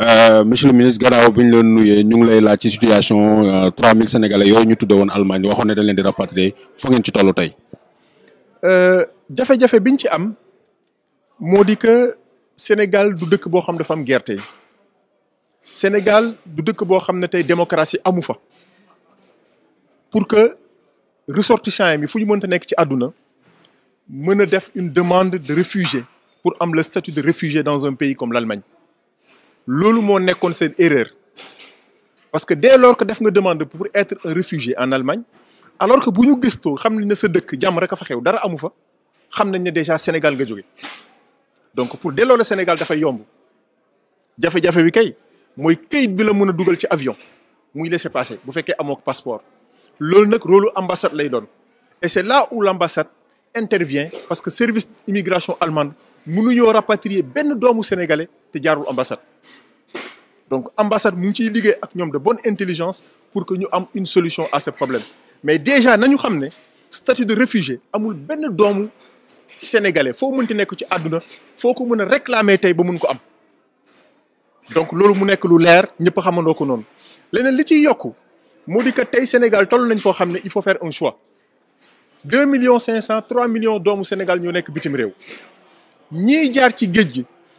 Euh, monsieur le ministre gannaaw bi ñu la ñu ngi lay la ci situation 3000 euh, sénégalais yoy ñu tudde woon Allemagne waxone dañ leen di rapatrier fo ngeen ci tollu euh jafé jafé biñ ci am modi que Sénégal du dëkk bo xam dafa am guerre tay Sénégal du dëkk bo xam tay démocratie amu fa pour que ressortissants yi fu ñu mënta nekk ci aduna mëna def une demande de réfugié pour am le statut de réfugié dans un pays comme l'Allemagne loolu mo nekkoon seen erreur parce que dès lors que def nga demande pour être un réfugié en Allemagne alors que buñu gesto xamni na sa dëkk jàmm rek fa xew dara amu fa xamnañ ne déjà Sénégal nga jóge donc pour dès lors le Sénégal fay yomb jafé jafé wi kay moy këyit bi la mëna a ci avion muy laisser passer bu féké amok passeport loolu nak rôle ambassade lay don et c'est là où l'ambassade intervient parce que service immigration allemande mënuñoo rapatrier ben doomu sénégalais te ambassade donc ambassade mu ci de bonne intelligence pour que nous am une solution à ce problème mais déjà nañu que le statut de réfugié amul ben doomu sénégalais fo mënti nek ci aduna fo ko réclamer am donc lolu mu nous lu leer pas xamandoko non lénen li ci yokku que Sénégal il faut faire un choix 2 millions 3 3 millions doomu Sénégal ñu Nous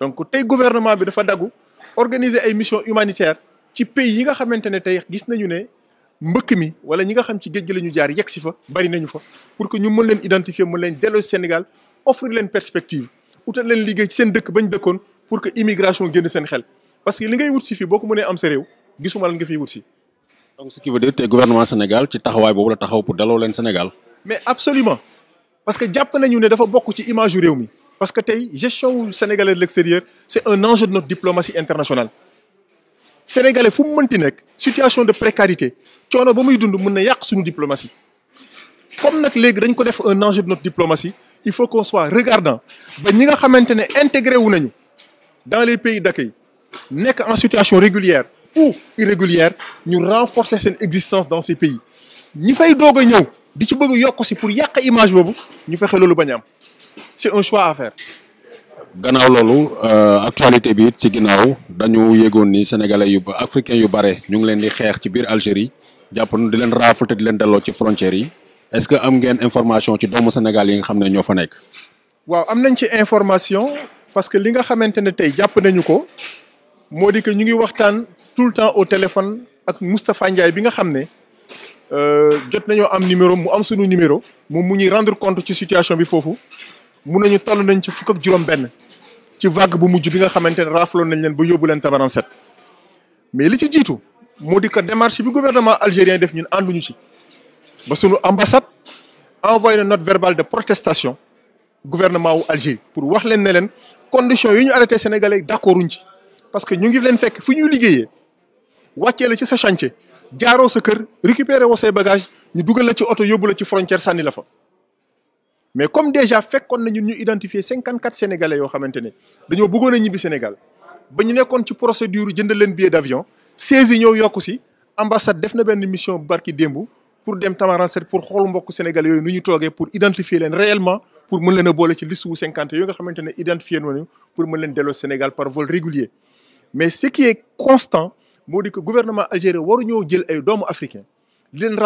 donc le gouvernement bi dafa daggu organiser ay mission humanitaire ci pays yi nga qui ne tey gis nañu ne mbëkk mi wala ñi nga xam ci géej ñu jaar yegg si fa bari nañu fa pour que ñu mën leen identifier mën leen délo Sénégal offrir leen perspective utal leen liggéey ci seen dëkk bañ dëkkoon pour que immigration génn seen xel parce que li ngay wut ci fi boo ko am sa réew gisuma lan nga fi wut ci donc ce qui veut dire te gouvernement Sénégal ci taxaway bobu la taxaw pour délo leen Sénégal. mais absolument parce que japp nañu ne dafa bokk ci image yu réew mi. Parce que la gestion Sénégalais de l'extérieur, c'est un enjeu de notre diplomatie internationale. Sénégalais, fou nek situation de précarité, Il faut que dund mën faire diplomatie. Comme nous, légui un enjeu de notre diplomatie, il faut qu'on soit regardant ba ñi nga xamantene intégré dans les pays d'accueil nek en situation régulière ou irrégulière, nous renforcer sen existence dans ces pays. Nous fay doga ñew di ci bëgg yok ci pour yaq image bobu, ñu fexé lolu c'est un choix à faire. gannaaw euh actualité bi ci ginnaaw dañu yéegoon ni sénégalais yu africain yu bare ñu ngi leen di xeex ci biir Algérie jàpp di leen rafalte di leen dello ci frontière yi est-ce que am ngeen information ci doomu Sénégal yi nga xamné ñoo fa nek waaw am nañ ci information parce que li nga xamantene tay japp nañu ko modi que ñu ngi waxtaan tout le temps au téléphone ak Moustapha Ndiaye bi nga xamné euh jot nañu am numéro mu am suñu numéro moom mu ñuy rendre compte ci situation bi fofu mun nañu toll nañ ci fukk ak juróom-benn ci vague bu mujj bi nga xamante ne raafaloon nañ leen ba yóbbu leen Tabaran mais li ci jiitu moo di que démarche bi gouvernement algérien def ñun ànduñu ci ba sunu ambassade envoyé na note verbale de protestation gouvernement wu Algérie pour wax leen ne leen conditions yi ñu arrêté sénégalais uñ ci parce que ñu ngi leen fekk fu ñuy liggéeyee wàccee la ci sa chantier jaaroo sa kër récupérer woo say bagages ñu dugal la ci oto yóbbu la ci frontière sànni la fa. mais comme déjà fait qu'on a identifié identifier sénégalais yoo xamante ne dañoo bëggoon a Sénégal ba ñu nekkoon ci procédure jënd leen billet d'avion. 16 seize yi ambassade def na une mission barki démb pour dem Tamarinset pour xool mbokk sénégalais yooyu nous ñu pour identifier leen réellement pour mën leen a boole ci liste wu cinquante yooyu nga identifier nañu pour mën leen le Sénégal par vol régulier mais ce qui est constant c'est que que gouvernement algérien waruñoo jël ay doomu africain di leen